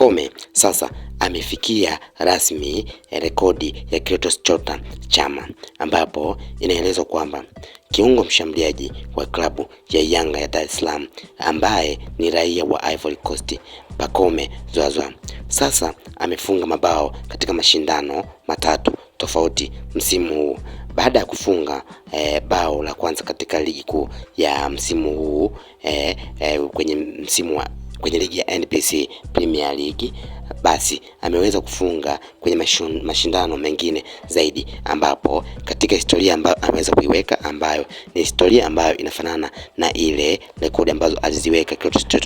Pacome sasa amefikia rasmi rekodi ya Clatous Chota Chama, ambapo inaelezwa kwamba kiungo mshambuliaji wa klabu ya Yanga ya Dar es Salaam ambaye ni raia wa Ivory Coast Pacome Zouzoua sasa amefunga mabao katika mashindano matatu tofauti msimu huu baada ya kufunga e, bao la kwanza katika ligi kuu ya msimu huu e, e, kwenye msimu wa kwenye ligi ya NBC Premier League, basi ameweza kufunga kwenye mashun, mashindano mengine zaidi, ambapo katika historia ambayo ameweza kuiweka ambayo ni historia ambayo inafanana na ile rekodi ambazo aliziweka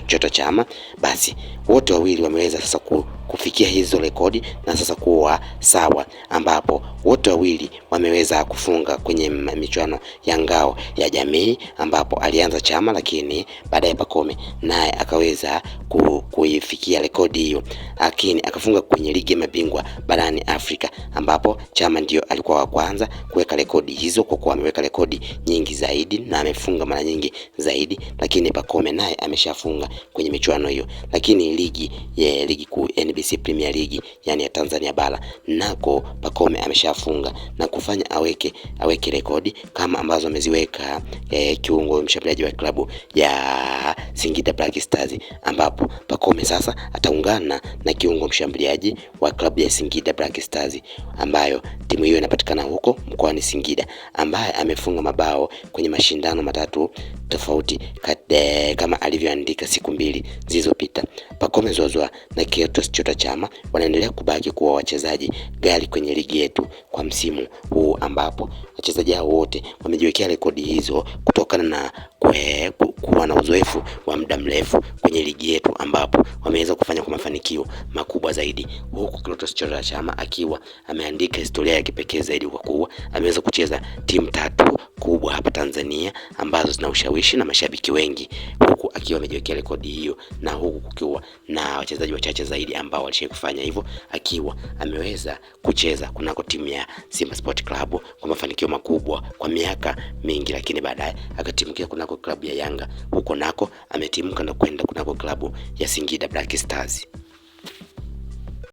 Kiloto Chama, basi wote wawili wameweza sasa ku kufikia hizo rekodi na sasa kuwa sawa, ambapo wote wawili wameweza kufunga kwenye michuano ya ngao ya jamii, ambapo alianza Chama lakini baadaye Pacome naye akaweza ku, kuifikia rekodi hiyo, lakini akafunga kwenye ligi ya mabingwa barani Afrika, ambapo Chama ndio alikuwa wa kwanza kuweka rekodi hizo kwa kuwa ameweka rekodi nyingi zaidi na amefunga mara nyingi zaidi, lakini Pacome naye ameshafunga kwenye michuano hiyo, lakini ligi ya eh, ligi kuu NBC NBC Premier League yani ya Tanzania bara, nako Pacome ameshafunga na kufanya aweke aweke rekodi kama ambazo ameziweka eh, kiungo mshambuliaji wa klabu ya Singida Black Stars, ambapo Pacome sasa ataungana na kiungo mshambuliaji wa klabu ya Singida Black Stars ambayo timu hiyo inapatikana huko mkoani Singida ambaye amefunga mabao kwenye mashindano matatu tofauti kade, eh, kama alivyoandika siku mbili zilizopita. Pacome Zouzoua na Clatous Chota Chama wanaendelea kubaki kuwa wachezaji gari kwenye ligi yetu kwa msimu huu ambapo wachezaji hao wote wamejiwekea rekodi hizo kutokana na kwe, ku, kuwa na uzoefu wa muda mrefu kwenye ligi yetu ambapo wameweza kufanya kwa mafanikio makubwa zaidi, huku Clatous Chota Chama akiwa ameandika historia ya kipekee zaidi kwa kuwa ameweza kucheza timu tatu kubwa hapa Tanzania ambazo zina ushawishi na mashabiki wengi, huku akiwa amejiwekea rekodi hiyo, na huku kukiwa na wachezaji wachache zaidi ambao walishawahi kufanya hivyo, akiwa ameweza kucheza kunako timu ya Simba Sport Club kwa mafanikio makubwa kwa miaka mingi, lakini baadaye akatimkia kunako klabu ya Yanga, huko nako ametimka na kwenda kunako klabu ya Singida Black Stars.